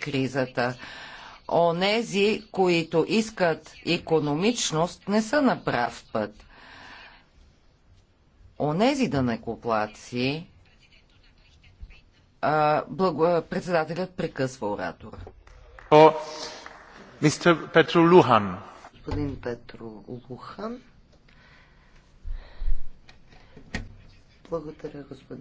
кризата. Онези, които искат економичност, не са на прав път. Онези да не благо, председателят прекъсва оратора. мистер Петро Лухан. Господин Петро Лухан. Благодаря, господин.